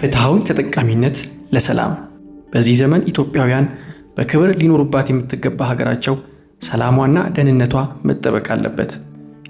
ፍትሐዊ ተጠቃሚነት ለሰላም በዚህ ዘመን ኢትዮጵያውያን በክብር ሊኖሩባት የምትገባ ሀገራቸው ሰላሟና ደህንነቷ መጠበቅ አለበት።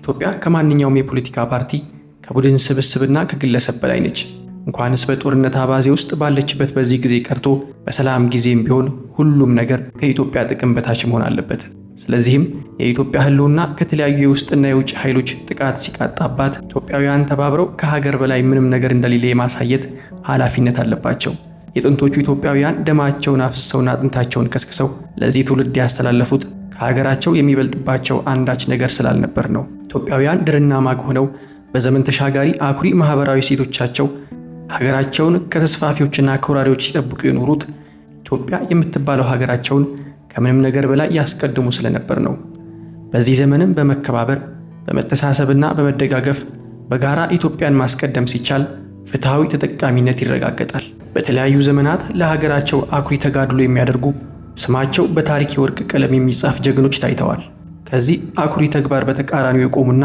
ኢትዮጵያ ከማንኛውም የፖለቲካ ፓርቲ ከቡድን ስብስብና ከግለሰብ በላይ ነች። እንኳንስ በጦርነት አባዜ ውስጥ ባለችበት በዚህ ጊዜ ቀርቶ በሰላም ጊዜም ቢሆን ሁሉም ነገር ከኢትዮጵያ ጥቅም በታች መሆን አለበት። ስለዚህም የኢትዮጵያ ህልውና ከተለያዩ የውስጥና የውጭ ኃይሎች ጥቃት ሲቃጣባት ኢትዮጵያውያን ተባብረው ከሀገር በላይ ምንም ነገር እንደሌለ የማሳየት ኃላፊነት አለባቸው። የጥንቶቹ ኢትዮጵያውያን ደማቸውን አፍስሰውና አጥንታቸውን ከስክሰው ለዚህ ትውልድ ያስተላለፉት ከሀገራቸው የሚበልጥባቸው አንዳች ነገር ስላልነበር ነው። ኢትዮጵያውያን ድርና ማግ ሆነው በዘመን ተሻጋሪ አኩሪ ማህበራዊ ሴቶቻቸው ሀገራቸውን ከተስፋፊዎችና ከወራሪዎች ሲጠብቁ የኖሩት ኢትዮጵያ የምትባለው ሀገራቸውን ከምንም ነገር በላይ ያስቀድሙ ስለነበር ነው። በዚህ ዘመንም በመከባበር በመተሳሰብና በመደጋገፍ በጋራ ኢትዮጵያን ማስቀደም ሲቻል ፍትሐዊ ተጠቃሚነት ይረጋገጣል። በተለያዩ ዘመናት ለሀገራቸው አኩሪ ተጋድሎ የሚያደርጉ ስማቸው በታሪክ የወርቅ ቀለም የሚጻፍ ጀግኖች ታይተዋል። ከዚህ አኩሪ ተግባር በተቃራኒው የቆሙና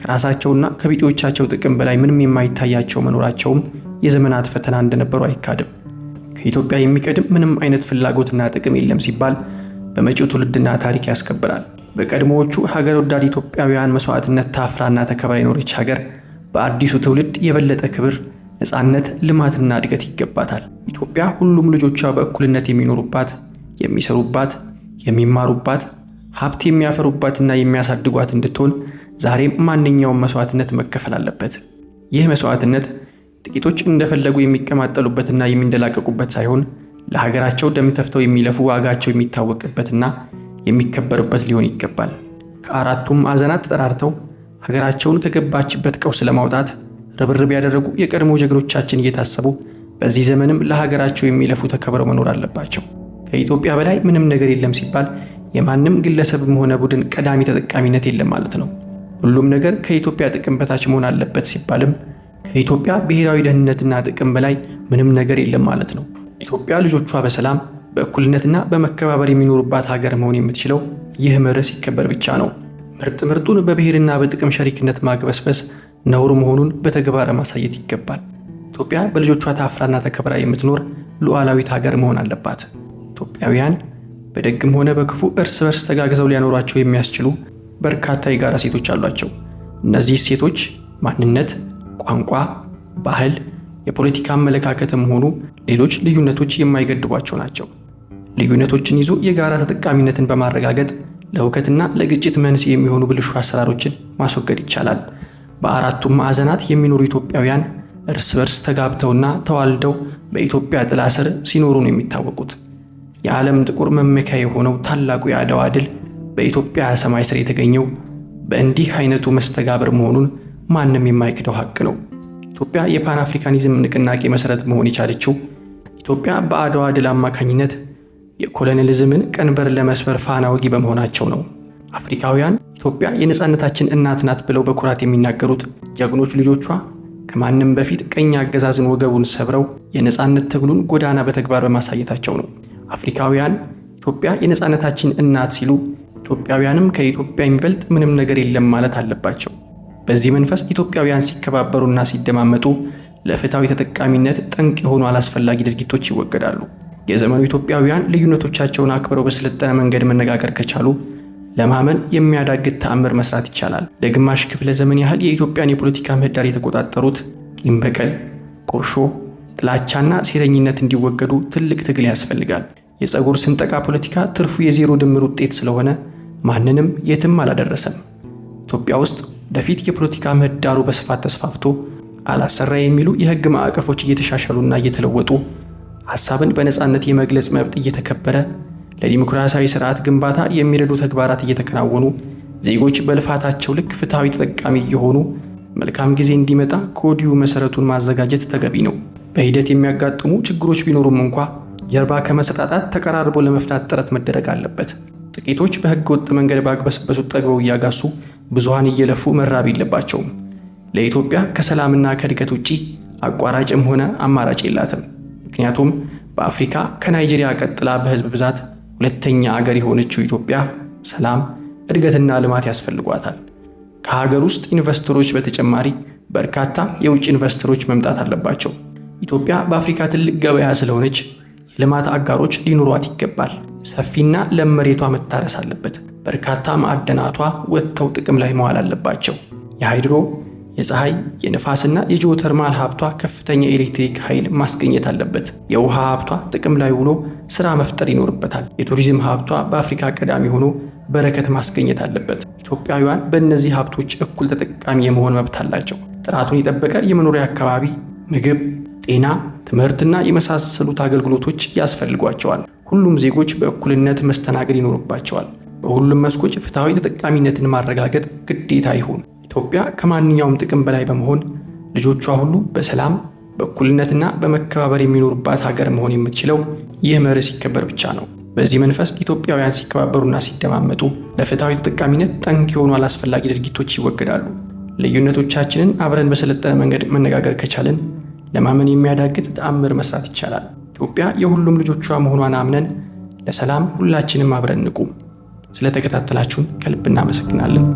ከራሳቸውና ከቢጤዎቻቸው ጥቅም በላይ ምንም የማይታያቸው መኖራቸውም የዘመናት ፈተና እንደነበሩ አይካድም። ከኢትዮጵያ የሚቀድም ምንም አይነት ፍላጎትና ጥቅም የለም ሲባል በመጪው ትውልድና ታሪክ ያስከብራል። በቀድሞዎቹ ሀገር ወዳድ ኢትዮጵያውያን መስዋዕትነት ታፍራና ተከብራ የኖረች ሀገር በአዲሱ ትውልድ የበለጠ ክብር፣ ነፃነት፣ ልማትና እድገት ይገባታል። ኢትዮጵያ ሁሉም ልጆቿ በእኩልነት የሚኖሩባት፣ የሚሰሩባት፣ የሚማሩባት፣ ሀብት የሚያፈሩባትና የሚያሳድጓት እንድትሆን ዛሬም ማንኛውም መስዋዕትነት መከፈል አለበት። ይህ መስዋዕትነት ጥቂቶች እንደፈለጉ የሚቀማጠሉበትና የሚንደላቀቁበት ሳይሆን ለሀገራቸው ደም ተፍተው የሚለፉ ዋጋቸው የሚታወቅበትና የሚከበርበት ሊሆን ይገባል። ከአራቱም ማዕዘናት ተጠራርተው ሀገራቸውን ከገባችበት ቀውስ ለማውጣት ርብርብ ያደረጉ የቀድሞ ጀግኖቻችን እየታሰቡ በዚህ ዘመንም ለሀገራቸው የሚለፉ ተከብረው መኖር አለባቸው። ከኢትዮጵያ በላይ ምንም ነገር የለም ሲባል የማንም ግለሰብም ሆነ ቡድን ቀዳሚ ተጠቃሚነት የለም ማለት ነው። ሁሉም ነገር ከኢትዮጵያ ጥቅም በታች መሆን አለበት ሲባልም ከኢትዮጵያ ብሔራዊ ደህንነትና ጥቅም በላይ ምንም ነገር የለም ማለት ነው። ኢትዮጵያ ልጆቿ በሰላም በእኩልነትና በመከባበር የሚኖሩባት ሀገር መሆን የምትችለው ይህ መርህ ሲከበር ብቻ ነው። ምርጥ ምርጡን በብሔርና በጥቅም ሸሪክነት ማግበስበስ ነውር መሆኑን በተግባር ማሳየት ይገባል። ኢትዮጵያ በልጆቿ ታፍራና ተከብራ የምትኖር ሉዓላዊት ሀገር መሆን አለባት። ኢትዮጵያውያን በደግም ሆነ በክፉ እርስ በርስ ተጋግዘው ሊያኖሯቸው የሚያስችሉ በርካታ የጋራ ሴቶች አሏቸው። እነዚህ ሴቶች ማንነት፣ ቋንቋ፣ ባህል የፖለቲካ አመለካከትም ሆኑ ሌሎች ልዩነቶች የማይገድቧቸው ናቸው። ልዩነቶችን ይዞ የጋራ ተጠቃሚነትን በማረጋገጥ ለሁከትና ለግጭት መንስኤ የሚሆኑ ብልሹ አሰራሮችን ማስወገድ ይቻላል። በአራቱም ማዕዘናት የሚኖሩ ኢትዮጵያውያን እርስ በርስ ተጋብተውና ተዋልደው በኢትዮጵያ ጥላ ስር ሲኖሩ ነው የሚታወቁት። የዓለም ጥቁር መመኪያ የሆነው ታላቁ የአድዋ ድል በኢትዮጵያ ሰማይ ስር የተገኘው በእንዲህ አይነቱ መስተጋብር መሆኑን ማንም የማይክደው ሀቅ ነው። ኢትዮጵያ የፓን አፍሪካኒዝም ንቅናቄ መሰረት መሆን የቻለችው ኢትዮጵያ በአድዋ ድል አማካኝነት የኮሎኔሊዝምን ቀንበር ለመስበር ፋና ወጊ በመሆናቸው ነው። አፍሪካውያን ኢትዮጵያ የነፃነታችን እናት ናት ብለው በኩራት የሚናገሩት ጀግኖች ልጆቿ ከማንም በፊት ቀኝ አገዛዝን ወገቡን ሰብረው የነፃነት ትግሉን ጎዳና በተግባር በማሳየታቸው ነው። አፍሪካውያን ኢትዮጵያ የነፃነታችን እናት ሲሉ ኢትዮጵያውያንም ከኢትዮጵያ የሚበልጥ ምንም ነገር የለም ማለት አለባቸው። በዚህ መንፈስ ኢትዮጵያውያን ሲከባበሩና ሲደማመጡ ለፍትሐዊ ተጠቃሚነት ጠንቅ የሆኑ አላስፈላጊ ድርጊቶች ይወገዳሉ። የዘመኑ ኢትዮጵያውያን ልዩነቶቻቸውን አክብረው በስለጠነ መንገድ መነጋገር ከቻሉ ለማመን የሚያዳግት ተአምር መስራት ይቻላል። ለግማሽ ክፍለ ዘመን ያህል የኢትዮጵያን የፖለቲካ ምህዳር የተቆጣጠሩት ቂም በቀል፣ ቁርሾ፣ ጥላቻና ሴረኝነት እንዲወገዱ ትልቅ ትግል ያስፈልጋል። የፀጉር ስንጠቃ ፖለቲካ ትርፉ የዜሮ ድምር ውጤት ስለሆነ ማንንም የትም አላደረሰም። ኢትዮጵያ ውስጥ በፊት የፖለቲካ ምህዳሩ በስፋት ተስፋፍቶ አላሰራ የሚሉ የህግ ማዕቀፎች እየተሻሻሉና እየተለወጡ ሀሳብን በነፃነት የመግለጽ መብት እየተከበረ ለዲሞክራሲያዊ ስርዓት ግንባታ የሚረዱ ተግባራት እየተከናወኑ ዜጎች በልፋታቸው ልክ ፍትሐዊ ተጠቃሚ እየሆኑ መልካም ጊዜ እንዲመጣ ከወዲሁ መሰረቱን ማዘጋጀት ተገቢ ነው። በሂደት የሚያጋጥሙ ችግሮች ቢኖሩም እንኳ ጀርባ ከመሰጣጣት ተቀራርቦ ለመፍታት ጥረት መደረግ አለበት። ጥቂቶች በህገ ወጥ መንገድ ባግበስበሱት ጠግበው እያጋሱ ብዙሃን እየለፉ መራብ የለባቸውም። ለኢትዮጵያ ከሰላምና ከእድገት ውጪ አቋራጭም ሆነ አማራጭ የላትም። ምክንያቱም በአፍሪካ ከናይጄሪያ ቀጥላ በህዝብ ብዛት ሁለተኛ አገር የሆነችው ኢትዮጵያ ሰላም፣ እድገትና ልማት ያስፈልጓታል። ከሀገር ውስጥ ኢንቨስተሮች በተጨማሪ በርካታ የውጭ ኢንቨስተሮች መምጣት አለባቸው። ኢትዮጵያ በአፍሪካ ትልቅ ገበያ ስለሆነች የልማት አጋሮች ሊኖሯት ይገባል። ሰፊና ለም መሬቷ መታረስ አለበት። በርካታ ማዕድናቷ ወጥተው ጥቅም ላይ መዋል አለባቸው። የሃይድሮ የፀሐይ የንፋስና የጂኦተርማል ሀብቷ ከፍተኛ የኤሌክትሪክ ኃይል ማስገኘት አለበት። የውሃ ሀብቷ ጥቅም ላይ ውሎ ስራ መፍጠር ይኖርበታል። የቱሪዝም ሀብቷ በአፍሪካ ቀዳሚ ሆኖ በረከት ማስገኘት አለበት። ኢትዮጵያውያን በእነዚህ ሀብቶች እኩል ተጠቃሚ የመሆን መብት አላቸው። ጥራቱን የጠበቀ የመኖሪያ አካባቢ፣ ምግብ፣ ጤና፣ ትምህርትና የመሳሰሉት አገልግሎቶች ያስፈልጓቸዋል። ሁሉም ዜጎች በእኩልነት መስተናገድ ይኖርባቸዋል። በሁሉም መስኮች ፍትሐዊ ተጠቃሚነትን ማረጋገጥ ግዴታ ይሁን። ኢትዮጵያ ከማንኛውም ጥቅም በላይ በመሆን ልጆቿ ሁሉ በሰላም በእኩልነትና በመከባበር የሚኖሩባት ሀገር መሆን የምትችለው ይህ መርህ ሲከበር ብቻ ነው። በዚህ መንፈስ ኢትዮጵያውያን ሲከባበሩና ሲደማመጡ ለፍትሐዊ ተጠቃሚነት ጠንክ የሆኑ አላስፈላጊ ድርጊቶች ይወገዳሉ። ልዩነቶቻችንን አብረን በሰለጠነ መንገድ መነጋገር ከቻልን ለማመን የሚያዳግት ተአምር መስራት ይቻላል። ኢትዮጵያ የሁሉም ልጆቿ መሆኗን አምነን ለሰላም ሁላችንም አብረን ንቁም። ስለተከታተላችሁን ከልብ እናመሰግናለን።